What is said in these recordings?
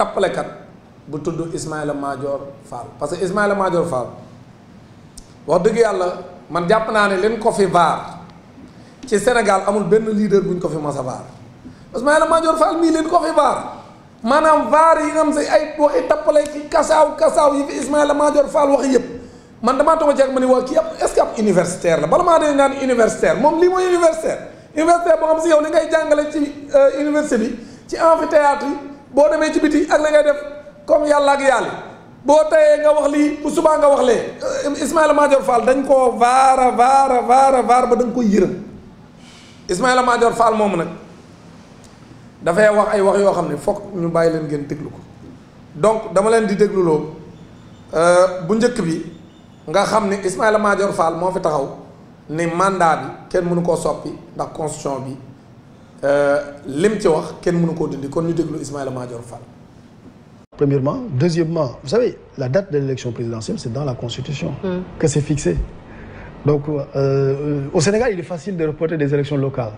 tappalekat bu tudd Ismaïla Madior Fall parce que Ismaïla Madior Fall wax dëgg yàlla man jàpp naa ne leen ko fi vaar ci Sénégal amul benn leader buñ ko fi mas a vaar Ismaïla Madior Fall mii leen ko fi vaar maanaam vaar yi nga xam si ay waxi tappale ci kasaaw kasaaw yi fi Ismaïla Madior Fall wax yëpp man damaa toog ci ak ma ni waa kii est ce universitaire la bala maa dañ naan universitaire moom lii mooy universitaire universitaire boo xam si yow li ngay jàngale ci euh, université bi ci amphithéâtre boo demee ci biti ak la ngay def comme yàlla ak yàlla boo tayee nga wax lii bu subaa nga wax lee euh, Ismaïla Madior Fall dañ koo vaara vaara vaara vaar ba dañ koy yërëm Ismaïla Madior Fall moom nag dafay wax ay wax yoo xam ne foog ñu bàyyi leen ngeen déglu ko donc dama leen di dégluloo euh, bu njëkk bi nga xam ne Ismaïla Madior Fall moo fi taxaw ni mandat bi kenn mënu koo soppi ndax constitution bi Euh, lim ci wax kenn mënu koo dindi kon ñu déglu premièrement deuxièmement vous savez la date de l'élection présidentielle c'est dans la constitution. Mmh. que c'est fixé donc euh, euh, au Sénégal il est facile de reporter des élections locales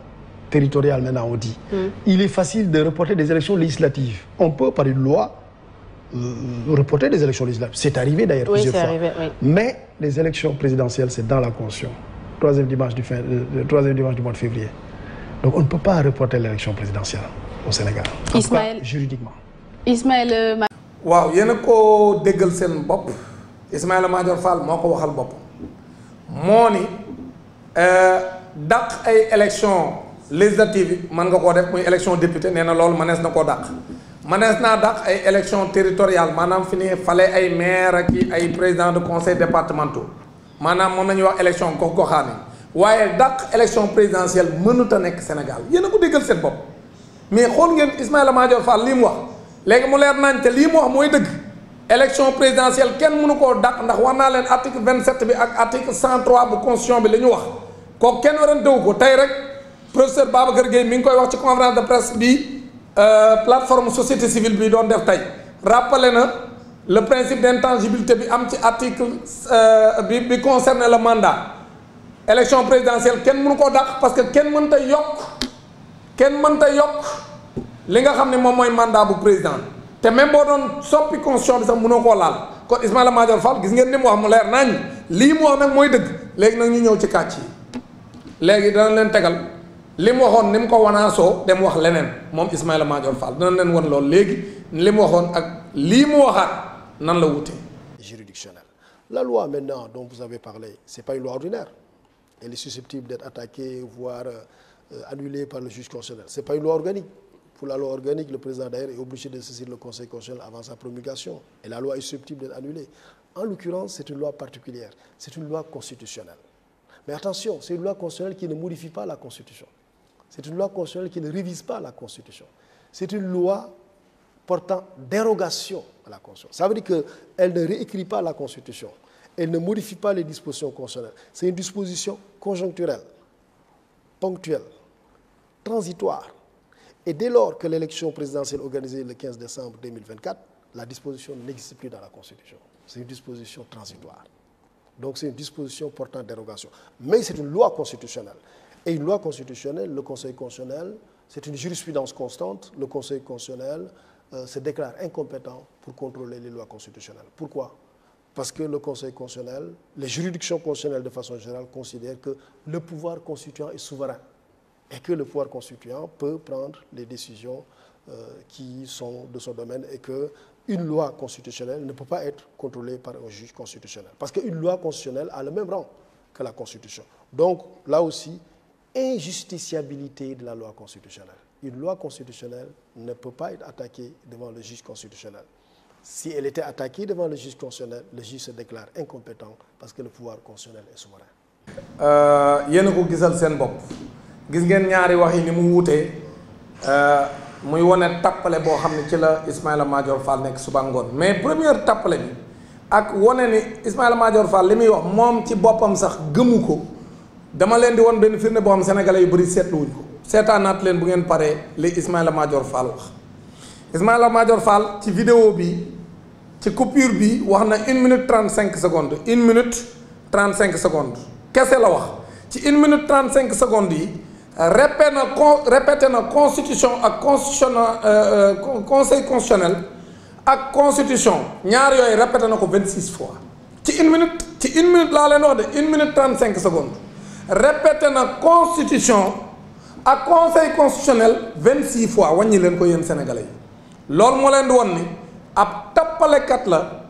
territoriales maintenant on dit. Mm. il est facile de reporter des élections législatives on peut par une loi. Euh, reporter des élections législatives c'est arrivé mais les élections présidentielles c'est dans la constitution troisième dimanche donc on ne peut pas reporter l'élection présidentielle au Sénégal. en Ismaël, tout cas juridiquement. Ismaël euh, waaw yéen a ko déggal seen bopp Ismaïla Madior Fall moo ko waxal bopp moo ni euh, dàq ay élection législative man nga koo def muy élection député nee na loolu mënees na koo dàq mënees naa dàq ay élection territoriale maanaam fi ni fale ay mair ak ay président de conseil départementaux maanaam moom la ñuy wax élection gox goxaan yi waaye dàq élection présidentielle mënut a nekk Sénégal yéen a ko déggal seen bopp mais xool ngeen Ismaïla Madior Fall lii mu wax léegi mu leer nañ te lii mu wax mooy dëgg élection présidentielle kenn mënu koo dàq ndax wax naa leen article 27 bi ak article 103 bu constitution bi la ñu wax kooku kenn warantewu ko tey rek professeur Babacar Gueye mi ngi koy wax ci conférence de presse bi euh, plateforme société civile bi doon def tey rappelé na le principe d'intangibilité bi am ci article euh, bi bi concerne le mandat élection présidentielle kenn mënu koo dàq parce que kenn mënta yokk kenn mënta yokk li nga xam ne moom mooy mandat bu président te même boo doon soppi constitution bi sax mënoo koo laal kon Ismaïla Madior Fall gis ngeen ni mu wax mu leer nañ lii mu wax nag mooy dëgg léegi nag ñu ñëw ci kàcc yi léegi dana leen tegal li mu waxoon ni mu ko wanaasoo dem wax leneen moom Ismaïla Madior Fall dana leen wan loolu léegi li mu waxoon ak lii mu waxaat nan la wute juridictionnel la loi maintenant dont vous avez parlé c'est pas une loi ordinaire elle est susceptible d'être attaquée, voire euh, annulée par le juge constitutionnel. Ce n'est pas une loi organique. Pour la loi organique, le président d'ailleurs est obligé de saisir le Conseil constitutionnel avant sa promulgation. Et la loi est susceptible d'être annulée. En l'occurrence, c'est une loi particulière. C'est une loi constitutionnelle. Mais attention, c'est une loi constitutionnelle qui ne modifie pas la révise pas la Constitution. C'est une loi portant dérogation à la Constitution. Ça veut dire qu'elle Elle ne modifie pas les dispositions constitutionnelles. C'est une disposition conjoncturelle, ponctuelle, transitoire. Et dès lors que l'élection présidentielle organisée le 15 décembre 2024, la disposition n'existe plus dans la Constitution. C'est disposition transitoire. Donc c'est une disposition portant dérogation. Mais c'est une loi constitutionnelle. Et une loi constitutionnelle, le Conseil constitutionnel, c'est une jurisprudence constante. Le Conseil constitutionnel euh, se pour contrôler Parce que le Conseil constitutionnel, les juridictions de façon générale considèrent que le pouvoir constituant est souverain et que le pouvoir constituant peut prendre les décisions euh, qui sont de son domaine et que une loi constitutionnelle ne peut pas être contrôlée par un juge constitutionnel. Parce qu'une loi constitutionnelle a le même rang que la Constitution. Donc là aussi, injusticiabilité de la loi constitutionnelle. Une loi constitutionnelle ne peut pas être attaquée devant le si elle était attaquée devant le juge constitutionnel le juge se déclare incompétent parce que le pouvoir constitutionnel est souverain. Euh, yéen a ko gisal seen bopp gis ngeen ñaari wax yi ni mu wuutee euh, muy wone tappale boo xam ne ci la Ismaïla Madior Fall nekk suba ngoon mais première tappale bi ak wane ni Ismaïla Madior Fall li muy wax moom ci boppam sax gëmu ko dama leen di won benn firnde boo xam sénégalais yu bëri seetluwuñ ko seetaanaat leen bu ngeen paree li Ismaïla Madior Fall la Madior Fall ci vidéo bi ci coupur bi wax na une minute trente cinq secondes une minute trente cinq secondes kese la wax ci une minute trente cinq secondes yi répété na con répété na constitution ak constitutionnel euh, euh, conseil constitutionnel ak constitution ñaar yooyu répété na ko vingt six fois ci une minute ci une minute laa leen wax de une minute trente cinq secondes répété na constitution ak conseil constitutionnel vingt six fois wàññi leen ko yéen sénégalais yi. loolu moo leen di won ni ab tappalekat la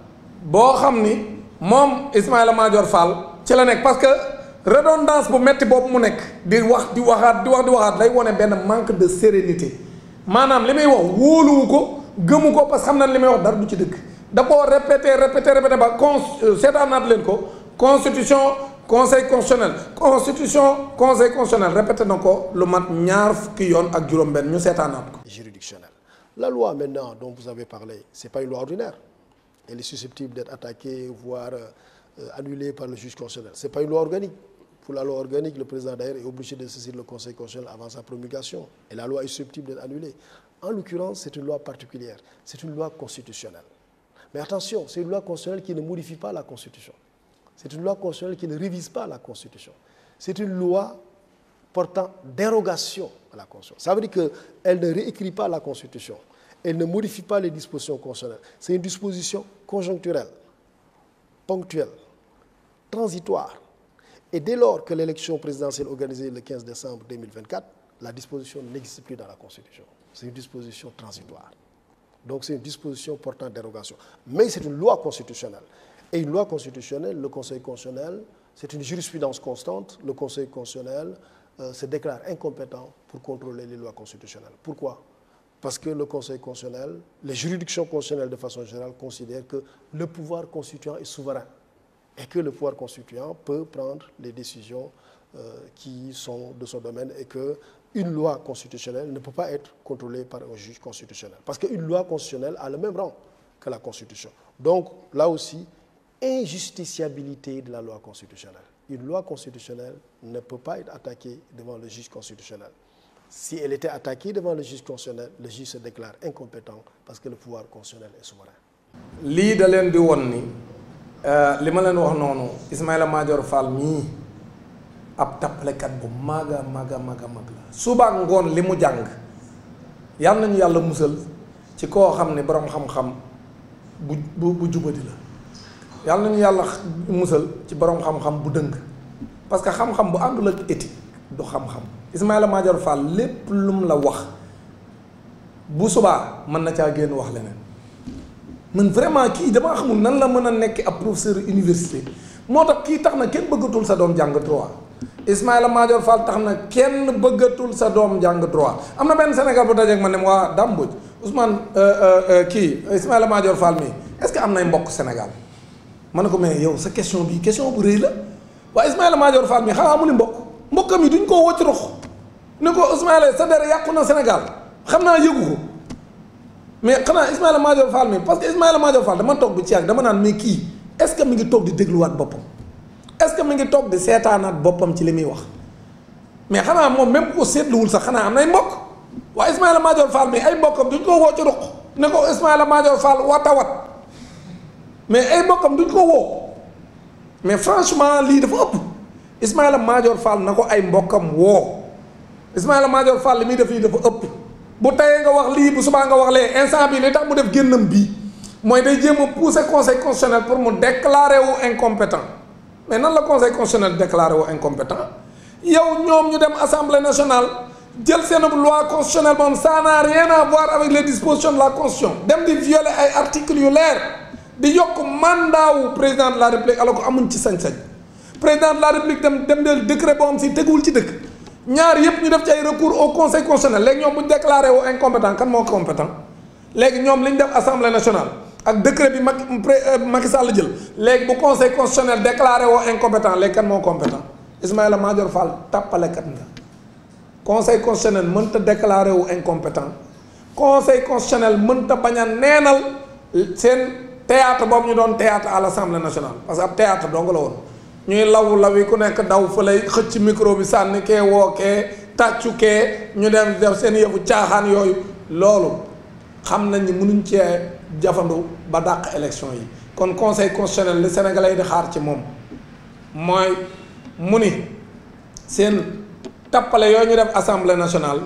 boo xam ni moom Ismaïla Madior Fall ci la nekk parce que redondance bu metti boobu mu nekk di wax di waxaat di wax di waxaat lay wane benn manque de sérénité maanaam li muy wax wóoluwu ko gëmu ko parce que xam na li may wax dara du ci dëkk da koo répété répété répété ba con euh, seetaanaat leen ko constitution conseil constitutionnel constitution conseil constitutionnel répété na ko lu mat ñaar fukki yoon ak juróom-benn ñu seetaanaat ko juridictionnel La loi maintenant dont vous avez parlé, ce n'est pas une loi ordinaire. Elle est susceptible d'être attaquée, voire euh, annulée par le juge constitutionnel. Ce n'est pas une loi organique. Pour la loi organique, le président d'ailleurs est obligé de saisir le Conseil constitutionnel avant sa promulgation. Et la loi est susceptible d'être annulée. En l'occurrence, c'est une loi constitutionnelle. Mais attention, c'est une loi qui ne modifie la Constitution. C'est une loi pas la Constitution. C'est une loi portant dérogation à la Constitution. Ça veut dire qu'elle ne réécrit pas la Constitution. Elle ne modifie pas les dispositions constitutionnelles. C'est une disposition conjoncturelle, ponctuelle, transitoire. Et dès le 15 décembre 2024, la disposition n'existe plus dans la Constitution. C'est une disposition transitoire. Donc c'est disposition portant dérogation. Mais c'est une loi constitutionnelle. Et une loi constitutionnelle, le Conseil constitutionnel, c'est euh, se déclarent incompétents pour contrôler les lois constitutionnelles. Pourquoi Parce que le Conseil constitutionnel, les juridictions constitutionnelles de façon générale considèrent que le pouvoir constituant est souverain et que le pouvoir constituant peut prendre les décisions euh, qui sont de son domaine et que une loi constitutionnelle ne peut pas être contrôlée par un juge constitutionnel. Parce qu'une loi constitutionnelle a le même rang que la Constitution. Donc là aussi, injusticiabilité de la loi constitutionnelle. une loi constitutionnelle ne peut pas être attaquée devant le juge constitutionnel. Si elle était attaquée devant le juge constitutionnel, le juge se déclare incompétent parce que le pouvoir constitutionnel est souverain. lii da leen di won ni euh, li ma leen wax noonu Ismaïla Madior Fall mii ab tappalekat bu mag a mag a mag la suba ngoon li mu jàng yal nañu yàlla musal ci koo xam ne boroom xam-xam bu bu bu la. yàlla nañu yàlla musal ci borom xam-xam bu dëng parce que xam-xam bu àndul ak éthique du xam-xam Ismaïla Madior Fall lépp lum la wax bu subaa mën na caa génn wax leneen man vraiment kii damaa xamul nan la mën a nekk ab professeur université moo tax kii tax na kenn bëggatul sa doom jàng droit Ismaïla Madior Fall tax na kenn bëggatul sa doom jàng droit am na benn Sénégal bu dajeeg ma ne waa Dame Mbodj Ousmane euh, euh, euh, kii Ismaïla Madior Fall mii est que am nay mbokk Sénégal. man ne ko mais yow sa question bi question bu rëy la waaye Ismaïla Madior Fall mi xanaa mu ni mbokk mbokkam yi duñ koo wocc rox ne ko Ismaïla sa dara yàqu na Sénégal xam naa yëgu ko mais xanaa Ismaïla Madior Fall mi parce que Ismaïla Madior Fall dama toog bu dama naan mais kii est-ce que mi ngi toog di dégluwaat boppam est que mi ngi toog di seetaanaat boppam ci li muy wax mais xanaa moom même bu sax xanaa am nay mbokk waaye Ismaïla Madior Fall ay mbokkam duñ ko wocc rox ne ko Ismaïla Madior Fall watawat mais ay du ñu ko woo mais franchement lii dafa ëpp Ismaïla Madior Fall na ko ay mbokkam woo Ismaïla Madior Fall li muy def lii dafa ëpp bu tayee nga wax lii bu subaa nga wax lee instant bi li tax mu def génnam bii mooy day jéem a pousser conseil constitutionnel pour mu déclarer wu incompétent mais nan la conseil constitutionnel déclarer wu incompétent yow ñoom ñu dem assemblée nationale jël seen loi constitutionnelle moom ça n'a rien à voir avec les dispositions de la constitution dem di violer ay articles yu leer di yokk mandat wu président la république alors que amuñ ci sañ-sañ président la république dem dem del décret boo xam si teguwul ci dëkk ñaar yëpp ñu def ci ay recours au conseil constitutionnel léegi ñoom bu ñu déclaré wu incompétent kan moo compétent léegi ñoom li ñu def assemblée nationale ak décret bi Macky euh, Macky Sall jël léegi bu conseil constitutionnel déclaré woo incompétent léegi kan moo compétent Ismaïla Madior Fall tàppalekat nga conseil constitutionnel déclaré wu incompétent conseil constitutionnel mënta bañ a neenal seen. théâtre boobu ñu doon théâtre à l'Assemblée nationale parce que ab théâtre dong la woon ñuy law lawi ku nekk daw fa lay xëcc micro bi sànni kee woo kee tàccu kee ñu dem def seen yëfu caaxaan yooyu loolu xam nañ ni mënuñ ci jafandu ba dàq élection yi kon conseil constitutionnel li Sénégalais yi di xaar ci moom mooy mu ni seen tappale yooyu ñu def assemblée nationale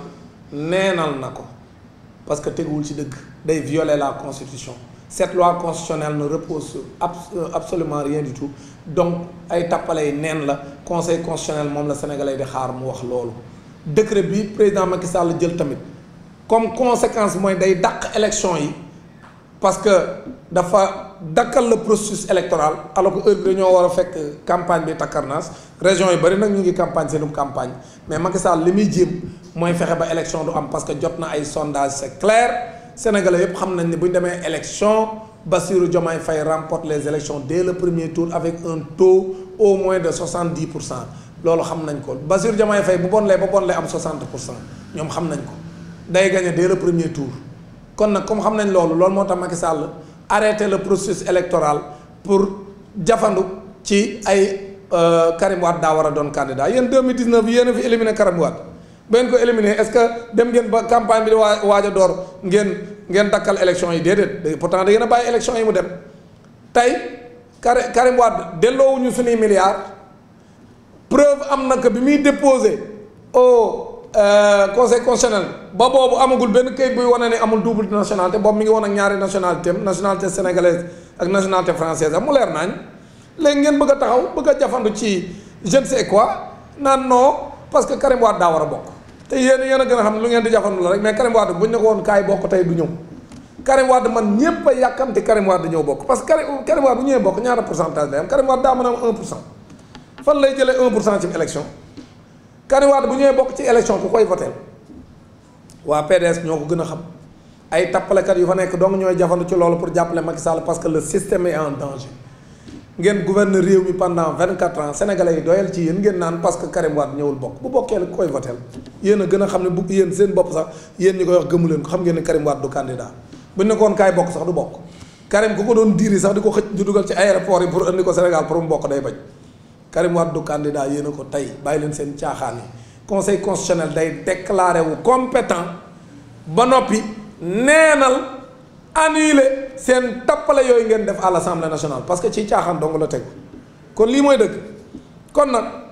neenal na ko parce que teguwul ci dëgg day violer la constitution cette loi constitutionnelle ne repose euh, absolument rien du tout donc ay tappale yi neen la conseil constitutionnel moom la sénégalais di xaar mu wax loolu décret bi président Macky Sall jël tamit comme conséquence mooy day dàq élection yi parce que dafa dakkal la processus électoral alors que heure bi dañoo war a fekk campagne bi takkarnaas région yi bari nag ñu ngi campagne seenum campagne mais Macky Sall li muy jéem mooy fexe ba élection du am parce que jot na ay sondage c'est clair sénégalais yëpp xam nañ ne bu ñu demee élection Bassirou Diomaye fay remporte les élections dès le premier tour avec un taux au moins de 70 pour cent loolu xam nañ ko Bassirou Diomaye Faye bu bon lee ba bon lee am 60 pour cent ñoom xam nañ ko day gagné dès le premier tour kon nag comme xam nañ loolu loolu moo tax Macky Sall arrêté le processus électoral pour jafandu ci ay euh, Karim daa war a doon candidat yéen 2019 yéen a fi éliminé Karim ba ngeen ko est-ce que dem ngeen ba campagne bi di door ngeen ngeen dakkal yi déedéet pourtant da ngeen a bàyyi élection yi mu dem tey Karim Karim Wade delloowuñu suñuy milliards preuve am na bi muy déposé au euh, conseil constitutionnel ba boobu amagul benn kayit buy wane ne amul double nationalité boobu mi ngi woon ak ñaari nationalité nationalité sénégalaise ak nationalité française am mu leer naañ léegi ngeen bëgg a taxaw bëgg a jafandu ci je ne sais quoi naan non parce que Karim Wade daa war a bokk. te yéen yéen a gën a xam lu ngeen di jafandu la rek mais Karim Wade buñ ne ko woon kaay bokk tey du ñëw Karim Wade man ñëpp a yàkkamti Karim Wade ñëwee bokk ñaata pourcentage day am Karim daa mën a am 1 pour fan lay jëlee ci élection Karim Wade bu ñëwee bokk ci élection ku koy voteel waa PDS ñoo ko gën a xam ay tappalekat yu fa nekk donc ñooy jafandu ci loolu pour jàppale Macky Sall parce que le système est en danger. ngeen gouverneur réew mi pendant vingt quatre ans sénégalais yi doyal ci yéen ngeen naan parce que Karim Wade ñëwul bokk bu bokkee ku koy voteel yéen a gën a xam ne bu yéen seen bopp sax yéen ñi koy wax gëmu leen ko xam ngeen ne Karim Wade du candidat buñ nekkoon kaay bokk sax du bokk Karim ku ko doon diiri sax di ko xëcc di dugal ci aéroport yi pour andi ko Sénégal pour mu bokk day bañ Karim Wade du candidat yéen a ko tey bàyyi leen seen caaxaan yi conseil constitutionnel day déclaré wu compétent seen tappale yooyu ngeen def à l'Assemblée nationale parce que ci caaxaan dong la tegu kon lii mooy dëgg kon nag